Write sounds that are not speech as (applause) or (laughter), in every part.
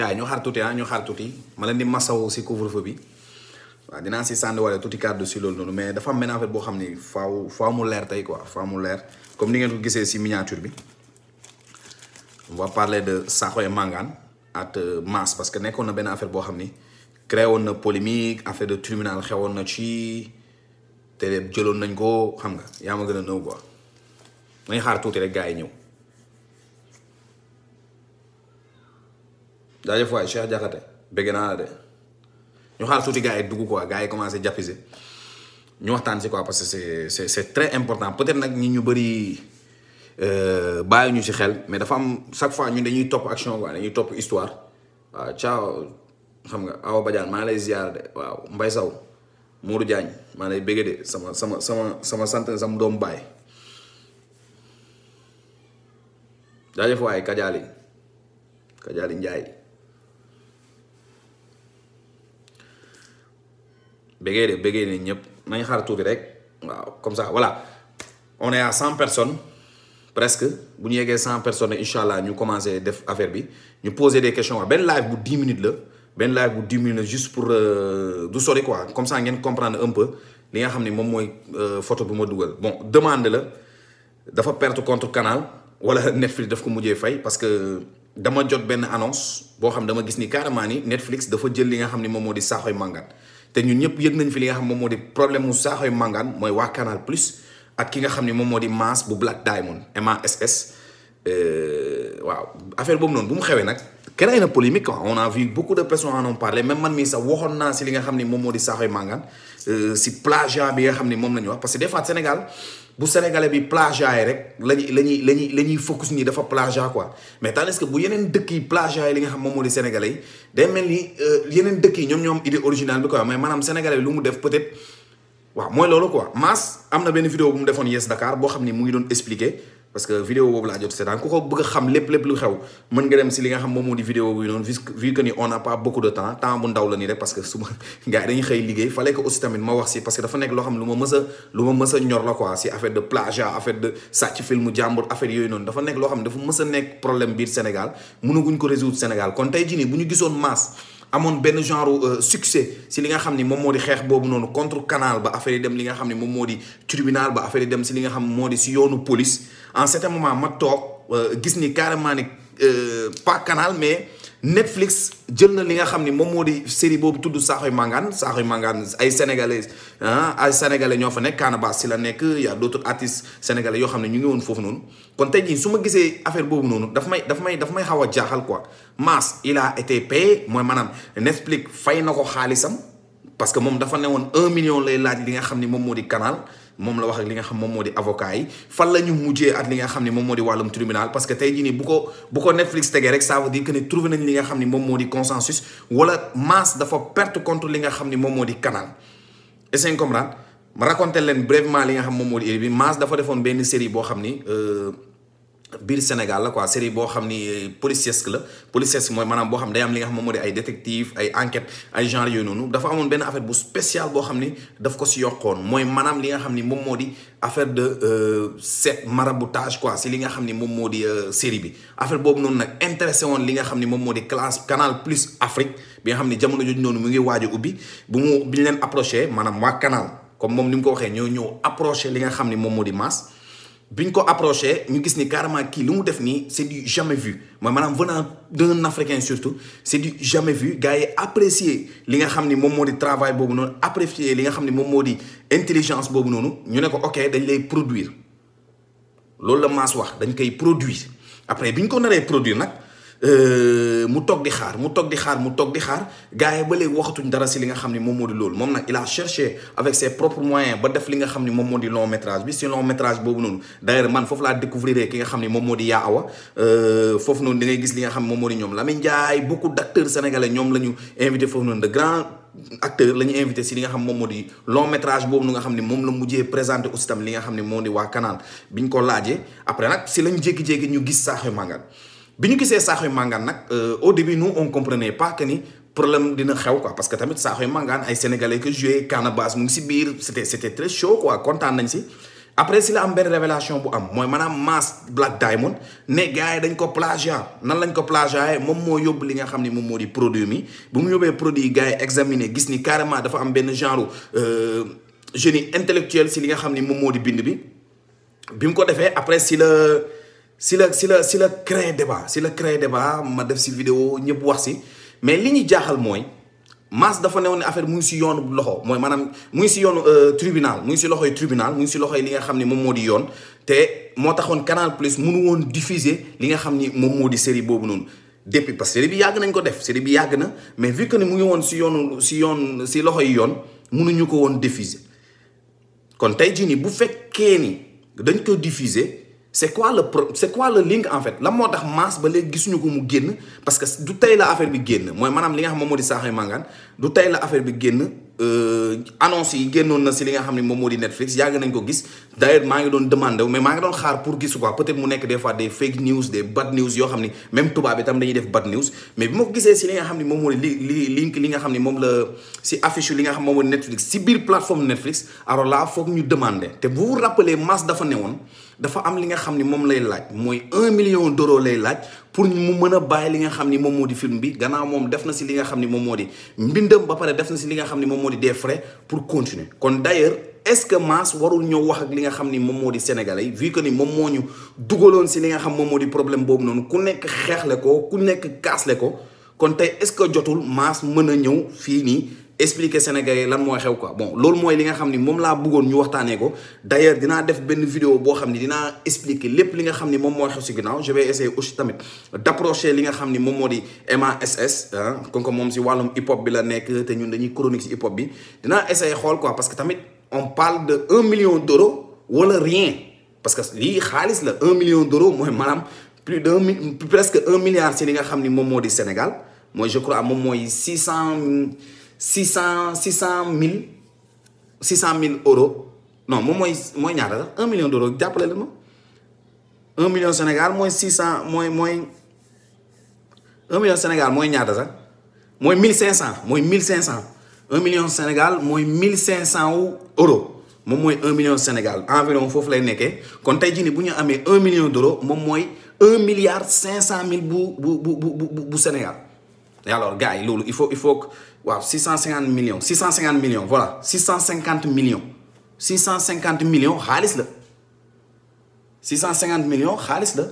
gars yi ñu xaar tuuti ah ñu xaar tuuti ma leen di masawu si couvre-feu bi waaw dinaa si sànni wala tuuti kàddu si loolu noonu mais dafa am benn affaire boo xam ni faaw faaw mu leer tey quoi faaw mu leer comme ni ngeen ko gisee si miniature bi on parler de Sakho et Mangane ak euh, Mass parce que nekkoon na benn affaire boo xam ni créé woon na polémique affaire de tribunal xewoon na ci te jëloon nañ ko xam nga yaa ma gën a nëw quoi nañ xaar tuuti rek yi ñëw. jaajëf waay Cheikh Diakhaté bëgg naa la de ñu xaar tuuti gars yi ko quoi gaa yi commencé jàppise ñu waxtaan si quoi parce que c'est c'est c'est très important peut-être nag ñu bëri euh, bàyyi ñu si xel mais dafa am chaque fois ñun dañuy topp action quoi dañuy topp histoire waaw ciao xam nga Awa Badiane maa lay ziar de waaw mbay Sow Modou Diagne maa lay bëgg de sama sama sama sama sant sama doom baay jaajëf waay Kajaali Kajaali Njaay bëggee de bëggee nañ ñëpp nañ xaar tuuti rek waaw comme ça voilà on est à cent personnes presque bu ñu yeggee cent personnes incha allah ñu commencé def affaire bi ñu poser des questions benn live bu dix minutes la benn live bu dix minutes juste pour euh, du sori ko comme ça ngeen comprendre un peu li nga xam ne moom mooy euh, photo bu ma dugal bon demande la dafa perte contre canal wala (laughs) Netflix daf ko mujjee fay parce que dama jot benn annonce boo xam dama gis ni carrément ni Netflix dafa jël li nga xam ne moom moo di saaxoy màngat te ñun ñëpp yëg nañ fi li nga xam moom moo di problème mu saaxoy màngaan mooy waa Canal Plus ak ki nga xam ne moom moo di Mass bu Black Diamond MASS euh, waaw affaire boobu noonu bu mu xewee nag créé na polémique quoi on a vu beaucoup de personnes en ont parlé man mii sax waxoon naa si li nga xam ne moom moo di saaxoy màngaan euh, si plagiat bi nga xam ne moom nañu wax parce que des fois Sénégal bu sénégalais bi plagiat yi rek lañuy lañuy lañuy la ñuy focus nii dafa plagiat quoi mais tandis que bu yeneen dëkk yi plagiat yi li nga xam moom moo di sénégalais yi day mel ni euh, yeneen dëkk yi ñoom ñoom idée originale bi quoi mais maanaam sénégalais bi lu mu def peut-être waaw mooy loolu quoi Mass am na benn vidéo bu mu defoon Yes Dakar boo xam ni mu ngi doon expliquer parce que vidéo boobu laa jot seetaan ku ko bëgg a xam lépp lépp lu xew mën nga dem si li nga xam moom moo di n'a pas beaucoup de temps temps bu ndaw la nii rek parce que (laughs) a lu ma a ñor la quoi si affaire a nekk problème biir Sénégal mënaguñ ko genre euh, succès si li nga ni moom moo di xeex boobu noonu contre canal ba affaire yi dem li nga xam ne moom moo di tribunal ba affaire yi dem si li nga xam moo di si yoonu police en certain moment ma toog euh, gis ni carrément ni euh, pas canal mais Netflix jël na li nga xam ni moom moo di série boobu tudd Saaxoy Mangane Saaxoy Mangane ay sénégalais ah ay sénégalais ñoo fa nekk Kanaba si la nekk y a d'autres artistes yoo xam ne ñu ngi woon foofu noonu kon tey jii su ma gisee affaire boobu noonu daf may daf may daf may xaw a jaaxal quoi Mass il a été payé mooy maanaam Netflix fay na ko xaalisam parce que moom dafa ne woon un million lay laaj li nga xam ni moom moo di canal moom la wax ak li nga xam moom moo di avocat yi fan la ñu mujjee at li nga xam ne moom moo di wàllum tribunal parce que tey jii nii bu ko bu ko Netflix tegee rek ça veut dire que li nga xam ni moom moo di consensus wala masse dafa perte contre li nga xam ni moom moo di canal est-ce ma raconté leen brièvement li nga xam moom moo di éri bi masse dafa defoon benn série boo xam ni euh, biir Sénégal la quoi série boo xam ni euh, policesque la policesque mooy manaam boo xam day am li nga xam moom moo di ay détective ay enquête amoon benn affaire bu spécial boo xam ni daf ko si yokkoon mooy maanaam li nga xam ni moom moo di affaire de euh, set maraboutage quoi si li nga xam ni moom moo di euh, série bi affaire boobu noonu nag intéressé woon li nga xam ni moom moo di classe Canal Plus Afrique bi nga xam ni jamono jooju noonu mu ngi waaj a ubbi bu mu bi leen approché maanaam waa Canal comme moom ni mu ko waxee ñoo ñëw approché li nga xam ni moom moo di mas biñ ko approché ñu gis ni carrément kii lu mu def nii c'est du jamais vu mooy maanaam venant d'un africain surtout c'est du jamais vu gars yi apprécier li nga xam ni moom moo di travail boobu noonu apprécier li nga xam ni moom moo di intelligence boobu noonu ñu ne ko ok dañ lay produire loolu la maas wax dañ koy produire après bi ñu ko naree produire nag Euh, mu togg di xaar mu togg di xaar mu toog di xaar gars yi ba léegi waxatuñ dara si li nga xam ni moom moo di loolu moom nag il a cherché avec ses propres moyens ba def li nga xam ni moom moo di long bi si long boobu noonu d'ailleurs man foofu laa découvrir ki nga xam ni moom moo di Yaa Awa euh, foofu noonu da li nga xam moom moo di ñoom Lamine Ndiaye beaucoup d'acteurs sénégalais ñoom la ñu invité foofu noonu de grands la ñu invité si li nga xam moom moo di long métrage nga xam ne moom la mujjee présenté aussi tam li nga xam ne moo di waa Canal bi ñu ko laajee après nag si lañ jékki-jékki ñu gis Saaxi Mangane bi ñu gisee saaxoy màngaan nag euh, au début nous on comprenait pas que ni problème dina xew quoi parce que tamit saaxoy màngaan ay sénégalais que joué Canabasse mu si biir c'était c'était très chaud quoi kontaan nañ si après si la am benn révélation bu am mooy maanaam Mass Black Diamond ne gars yi dañ ko plagiat nan lañ ko plagiat moom moo yóbbu li nga xam ni moom moo di produit mi bu mu yóbbee produit yi gars gis ni carrément dafa am benn genre euh, génie intellectuel si li nga xam ni moom moo di bind bi si la si la si la créer débat si la créer débat ma def si video ñëpp wax si mais li ñu jaaxal mooy Mass dafa newoon ne affaire mu ngi si yoonu loxo mooy maanaam mu ngi si yoonu euh, tribunal mu ngi si loxoy tribunal mu ngi si loxoy li nga xam ne moom moo di yoon te moo taxoon Canal Plus mënu woon diffuser li nga xam ni moo di série boobu noonu depuis parce que bi yàgg nañ ko def série bi yàgg na mais vu que ne mu ngi woon si yoonu si yoon si loxo yi yoon mënuñu ko woon diffuser kon tey jii nii bu fekkee ni dañ ko diffuser. c'est quoi le pro c'est quoi le link en fait lan moo tax masse ba léegi gisuñu ko mu génn parce que du tey la affaire bi génn mooy manaam li nga xam moom moo di saaxay màngaan du tey la affaire euh, na si li nga xam ne moom moo di Netflix yàgg nañ ko gis d'ailleurs maa ngi doon demande wu mais maa ngi doon xaar pour gis quoi peut-être mu nekk des fois des fake news des bad news yoo xam ni même tubaab bi tam dañuy def bad news mais bi ma ko gisee si li nga xam ne moom moo di li li link li nga xam ne moom la si affiche li nga xam moom si biir plateforme Netflix alors là foog ñu demandé te bu vous rappelez masse dafa newoon dafa am li nga xam ni moom lay laaj mooy un million d'euros lay laaj pour mu mën a bàyyi li nga xam ni moom moo di film bi gannaaw moom def na si li nga xam ni moom moo di mbindam ba pare def na si li nga xam ni moom moo di des frais pour continuer kon d'ailleurs est-ce que Mass warul ñëw wax ak li nga xam ni moom moo di sénégalais yi vu que ni moom moo ñu dugaloon si li nga xam moom moo di problème boobu noonu ku nekk xeexle ko ku nekk kaasle ko kon tey est-ce que jotul Mass mën a ñëw fii nii expliquer Sénégalais lan mooy xew quoi bon loolu mooy li nga xam ni moom laa bëggoon ñu waxtaanee ko d'ailleurs dinaa def benn vidéo boo xam ni dinaa expliquer lépp li nga xam ni moom mooy xew si li nga xam ni moom moo di MASS kon ko moom si wàllum bi la nekk ñun dañuy chronique si hip hop bi dinaa essayer xool quoi parce on parle de un million d'euros wala rien parce que lii xaalis la un million d'euros mooy maanaam plus d'un presque un milliard si li nga xam ni moom moo di Sénégal mooy je moom mooy six cent six cent six cent mille six cent mille euros non moom mooy mooy ñaata sax un million d'euros jàppale la ma Sénégal mooy six cent mooy mooy un million Sénégal mooy ñaata sax mooy mille cinq cent mooy mille cinq cent un million Sénégal mooy mille cinq cent wu moom mooy un million Sénégal environ foofu lay nekkee kon tey jii bu ñu amee un million d'euros moom mooy un milliard cinq cent mille bu bu bu bu bu Sénégal et alors gars yi loolu il faut il faut que waaw 650 millions 650 millions voilà cent cinquante million millions xaalis la 650 millions xaalis la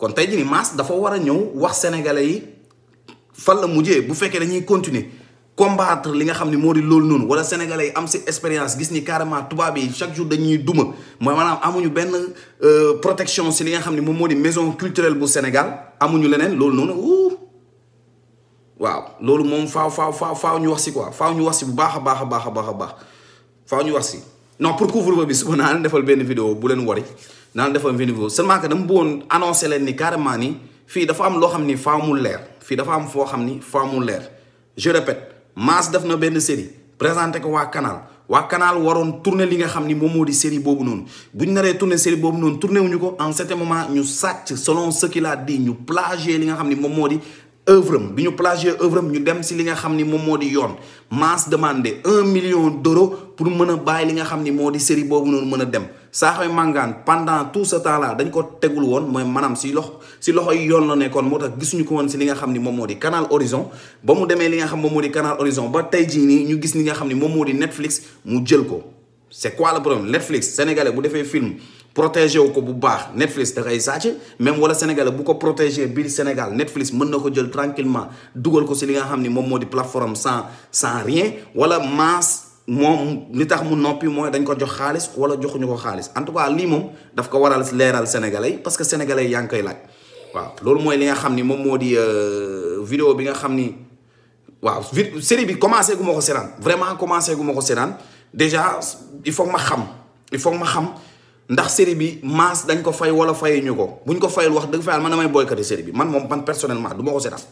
kon tey jii ni Mass dafa war a ñëw wax sénégalais yi fan la mujjee bu fekkee dañuy continuer combattre li nga xam ne moo di loolu noonu wala sénégalais yi am si expérience gis ni carrément tubaab yi chaque jour dañuy duma mooy maanaam amuñu benn euh, protection si li nga xam ne moom moo di maison culturel bu Sénégal amuñu leneen loolu noonu waaw loolu moom faaw faaw faaw faaw ñu wax si quoi faaw ñu wax si bu baax a baax a baax a baax a baax faaw ñu wax si non pour couvre-feu bi suba (laughs) naa leen defal benn vidéo bu leen wari naa leen defal benn vidéo seulement que dama bëggoon annoncé leen ni carrément ni fii dafa am loo xam ni faaw mu leer fii dafa am foo xam ni faaw mu leer je répète def na benn série présenté ko waa Canal waa Canal waroon tourner li nga xam ni moom moo di série boobu noonu bu ñu naree tourner série boobu noonu tourner wuñu ko en certain moment ñu sàcc selon ce qu'il a dit ñu plagier li nga xam ni moom moo di œuvre am bi ñu plagier œuvre ñu dem si li nga xam ni moom moo di yoon masse demandé un million d'euros pour mën a bàyyi li nga xam ni moo di série boobu noonu mën a dem Saaxoy Mangane pendant tout dañ ko tegul woon mooy maanaam si loxo si loxo yi yoon la nekkoon moo tax gisuñu ko woon si li nga xam ni moom moo di Canal Horizon ba mu demee li nga xam moom moo di Canal Horizon ba tey jii nii ñu gis li nga xam ni moom moo di Netflix mu jël ko c'est quoi le problème Netflix sénégalais bu defee film protégé wu ko bu baax Netflix da koy sàcc même wala sénégalais bu ko protégé biir Sénégal Netflix mën na ko jël tranquillement dugal ko si li nga xam ni moom moo di plateforme sans sans rien wala masse moom li tax mu noppi mooy dañ ko jox xaalis wala joxuñu ko xaalis en tout lii moom daf ko waral leeral sénégalais parce que sénégalais yaa ngi koy laaj waaw loolu mooy li nga xam ni moom moo di euh, vidéo bi nga xam ni waaw vi série bi commencé guma ko seetaan vraiment commencé gu ma ko seetaan déjà il faut ma xam il faut ma xam. ndax série bi maas dañ ko fay wala fayuñu ko bu buñ ko fayul wax dëgg fa ma man damay boycotté série bi man moom man personnellement du ma ko seetaan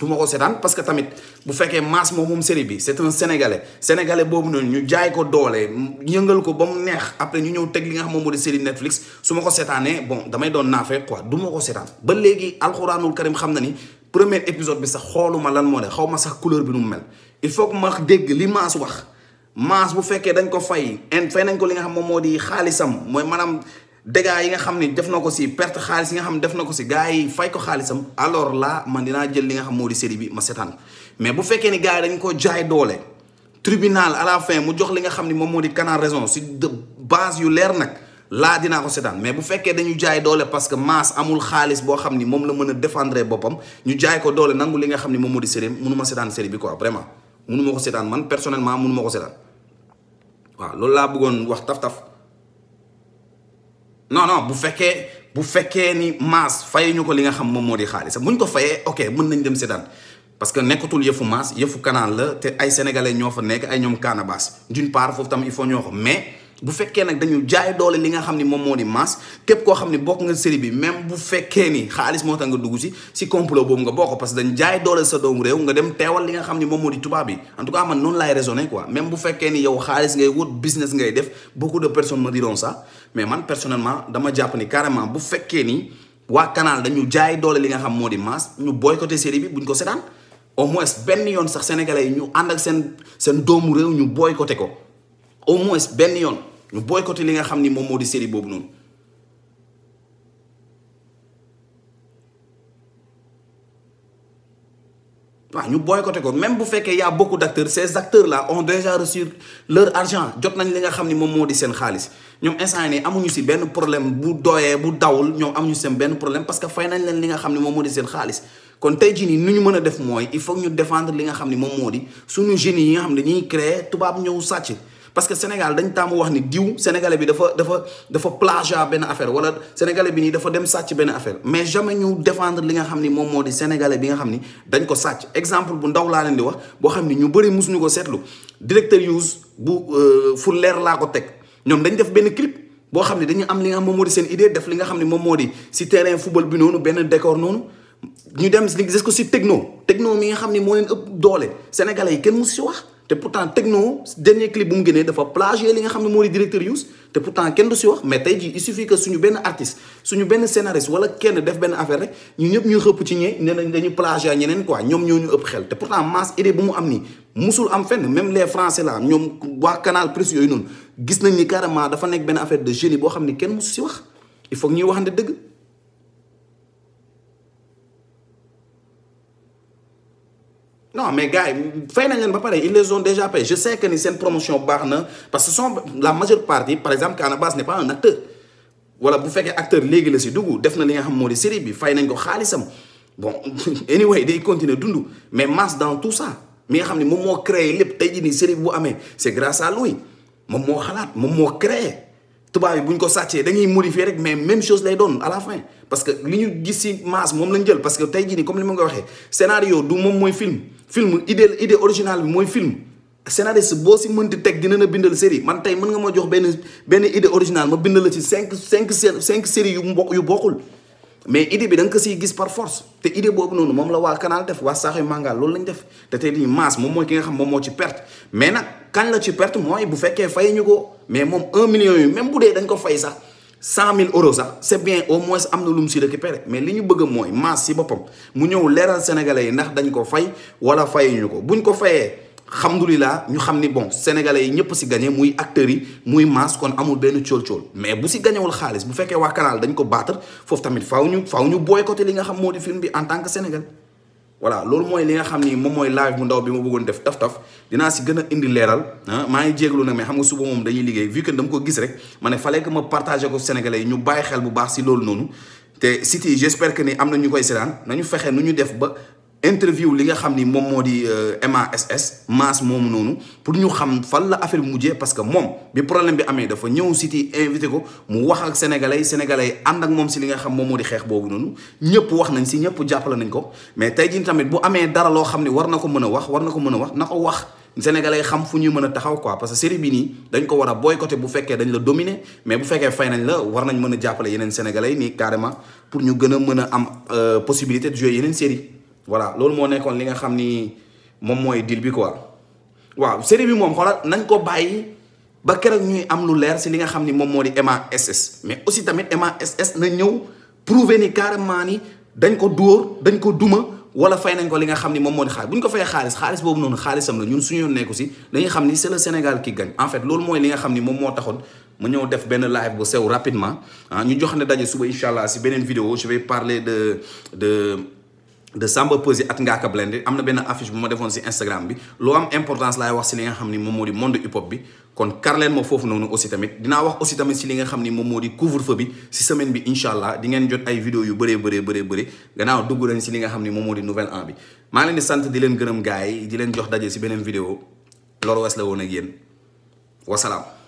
du ma ko seetaan parce que bu fekkee maas moom moom série bi c'est un sénégalais sénégalais boobu noonu ñu jaay ko doole yëngal ko ba mu neex après ñu ñëw teg moom moo di Netflix su ma ko seetaanee bon damay doon naafee quoi du ma ko seetaan ba léegi alxuraanul karim xam na ni premier épisode bi sax xooluma lan moo ne xaw ma sax couleur bi nu mu mel il faut que ma dégg li maas wax. maas bu fekkee dañ ko fay en fay nañ ko li nga xam moom moo di xaalisam mooy maanaam dégâts yi nga xam ni def na ko si perte xaalis yi nga xam def na ko si gars yi fay ko xaalisam alors là man dinaa jël li nga xam moo di bi ma setaan mais bu fekkee ni gars yi dañ ko jaay doole tribunal à fin mu jox li nga xam ni moom moo di canal raison si base yu leer nag laa dinaa ko setaan mais bu fekkee dañu jaay doole parce que maas amul xaalis boo xam ni moom la mën a défendre boppam ñu jaay ko doole nangu li nga xam ni moom moo di série mënu ma setaan série munu ma ko seetaan man personnellement munu ma ko seetaan waaw loolu laa bëggoon wax taf-taf non non bu fekkee bu fekkee ni maas fay ñu ko li nga xam moom moo di xaalis buñ ko fayee ok mën nañ dem seetaan parce que nekkatul yëfu maas yëfu canal la te ay sénégalais ñoo fa nekk ay ñoom Canabasse d'une part foofu tam il faut ñoo ko mais bu fekkee nag dañu jaay doole li nga xam ni moom moo di masse képp koo xam ni bokk nga série bi même bu fekkee ni xaalis moo tax nga dugg si si complot boobu nga bokk parce que dañ jaay doole sa doomu réew nga dem teewal li nga xam ni moom moo di tubaab bi en tout cas man noonu laay raisonné quoi bu fekkee ni def beaucoup de personnes me diront ça mais man dama jàpp ni fekkee ni waa canal dañu jaay doole li nga xam moo di masse ñu boycotté série bi buñ ko seetaan au moins benn yoon sax sénégalais yi ñu ànd ak seen seen doomu réew ñu boycotté ko au moins benn yoon ñu boycotté li nga xam ni moom moo di série boobu noonu waaw ñu boycotté ko même bu fekkee y a beaucoup d'acteurs ces acteurs là ont déjà reçu leur argent jot nañ li nga xam ni moom moo di seen xaalis ñoom instant yi amuñu si benn problème bu doyee bu dawul ñoom amuñu seen benn problème parce que fay nañ leen li nga xam ni moom moo di seen xaalis kon tey jii ni ñu mën a def mooy il faut ñu défendre li nga xam ni moom moo di suñu jeunes yi nga xam ne ñuy créer tubaab ñëw sàcc parce que Sénégal dañ taamu wax ni diw sénégalais bi dafa dafa dafa plagiat benn affaire wala sénégale bi nii dafa dem sàcc benn affaire mais jamais ñu défendre li nga xam ni moom moo di sénégalais bi nga xam ni dañ ko sàcc exemple bu ndaw laa leen di wax boo xam ni ñu bëri mosuñu ko seetlu directeur use bu euh, fu leer laa ko teg ñoom dañ def benn clip boo xam ne dañu am li nga xam moom moo di seen idée def li nga xam ne moom moo di si terrain football bi noonu benn décor noonu ñu dem li gis ko si techno techno mi nga xam ne moo leen ëpp doole sénégalais yi kenn mosu si wax te pourtant Tekno dernier clip bu mu génnee dafa plagier li nga xam ne moo di directeur Youss te pourtant kenn du si wax mais tey jii il suffit que suñu benn artiste suñu benn scénariste wala kenn def benn affaire rek ñu ñëpp ñu xëpp ci ñee ne nañ dañu plagier ñeneen quoi ñoom ñoo ñu ëpp xel te pourtant masse idée bu mu am nii musul am fenn même les français là ñoom waa Canal Plus yooyu noonu gis nañ ni carrément dafa nekk benn affaire de génie boo xam ne kenn musu si wax il faut ñuy waxante non mais gars yi fay nañ leen ba pare ils les ont déjà payé je sais que ni seen promotion baax na parce que sont la majeure partie par exemple Canabasse n'est pas un acteur wala bu fekkee acteur léegi la si dugg def na li nga xam moo di série bi fay nañ ko xaalisam bon (laughs) anyway day continuer dund mais Mass dans tout ça mi nga xam ne moom moo créé lépp tey jii nii série bu amee c'est grâce à lui moom moo xalaat moom moo créé. tubaab yi bu ñu ko sàccee dañuy ngay modifier rek mais même chose lay doon à la fin parce que li ñu gis ci masse moom lañ jël parce que tey jii nii comme ni ma ko waxee scénario du moom mooy film film idée idée originale bi mooy film scénariste boo si mënti teg dina na bindal série man tey mën nga ma jox benn benn idée originale ma bindal la ci cinq cinq cinq série yu mbokk yu bokkul mais idée bi danga nga ko siy gis par force te idée boobu noonu moom la waa canal def waa saaxu màngal loolu lañ def te tey di maas moom mooy ki nga xam moom moo ci perte mais nag kañ la ci perte mooy bu fekkee fay ñu ko mais moom un million yu même bu dee dañ ko fay sax cent mille euros sax c'est bien au moins am na lu mu si récupéré mais li ñu bëgg mooy maas si boppam mu ñëw leeral sénégalee yi ndax dañ ko fay wala ñu ko bu ñu ko fayee alhamdulilah ñu xam ni bon sénégalais yi ñëpp si gagné muy acteur yi muy masse kon amul benn cool-cool mais bu si gagnewul xaalis bu fekkee waa kanaal dañ ko battre foofu tamit faaw ñu faaw ñu boycotté li nga xam moo di film tant que sénégal voilà loolu mooy li nga xam ni moom mooy live bu ndaw bi ma bëggoon def taf-taf dinaa si gën a indi leeral ah, maa ngi jéeglu nag mais xam nga suba moom dañuy liggéey vu que dama ko gis rek ma ne fallait que ma partagé ko sénégalais ñu bàyyi xel bu baax si loolu noonu te site yi j'espère ni am na ñu koy seetaan nañu fexe nu ñu def ba interview li nga xam ni moom moo di euh, MASS maas moom noonu pour ñu xam fan la affaire bi mujjee parce que moom bi problème bi amee dafa ñëw Siti invité ko mu wax ak sénégalais sénégalais yi ànd ak moom si li nga xam moom moo di xeex boobu noonu ñëpp wax nañ si ñëpp jàppale nañ ko mais tey jii tamit bu amee dara loo xam ni war na ko mën a wax war na ko mën a wax na ko wax sénégalais xam fu ñuy mën a taxaw quoi parce que série bi nii dañ ko war a boycotté bu fekkee dañ la dominer mais bu fekkee fay nañ la war nañ mën a jàppale yeneen sénégalais nii carrément pour ñu gën a mën a am euh, possibilité de jouer yeneen série voilà loolu moo nekkoon li nga xam ni moom mooy deal bi waaw série bi moom xoolal nañ ko bàyyi ba keroog ñuy am lu leer si li nga xam ni moom moo di MASS mais aussi tamit MASS na ñëw prouver ni carrément ni dañ ko dóor dañ ko duma wala fay nañ ko li nga xam ni moom moo di xaalis ko fayee xaalis xaalis boobu xaalisam ñun suñu yoon nekku si dañuy xam ni c'est le Sénégal qui gagne mooy li nga xam ni moom moo taxoon ma ñëw def benn live bu sew rapidement ah, ñu jox ne daje suba incha allah si beneen vidéo je vais parler de de. de Samba Peuzzi at Ngaaka Blindé am na benn affiche bu ma defoon si Instagram bi loo am importance laay wax si li nga xam ni moom moo di monde hip hop bi kon aussi tamit dinaa wax aussi tamit si li nga xam ni moom moo di couvre feu bi si semaine bi incha allah di ngeen jot ay vidéo yu bëree bëree bëree gannaaw dugg leen si li nga xam ni moom moo di nouvel an bi maa leen di sant di leen gërëm gars di leen jox daje si beneen vidéo loolu wes la woon ak yéen wasalaam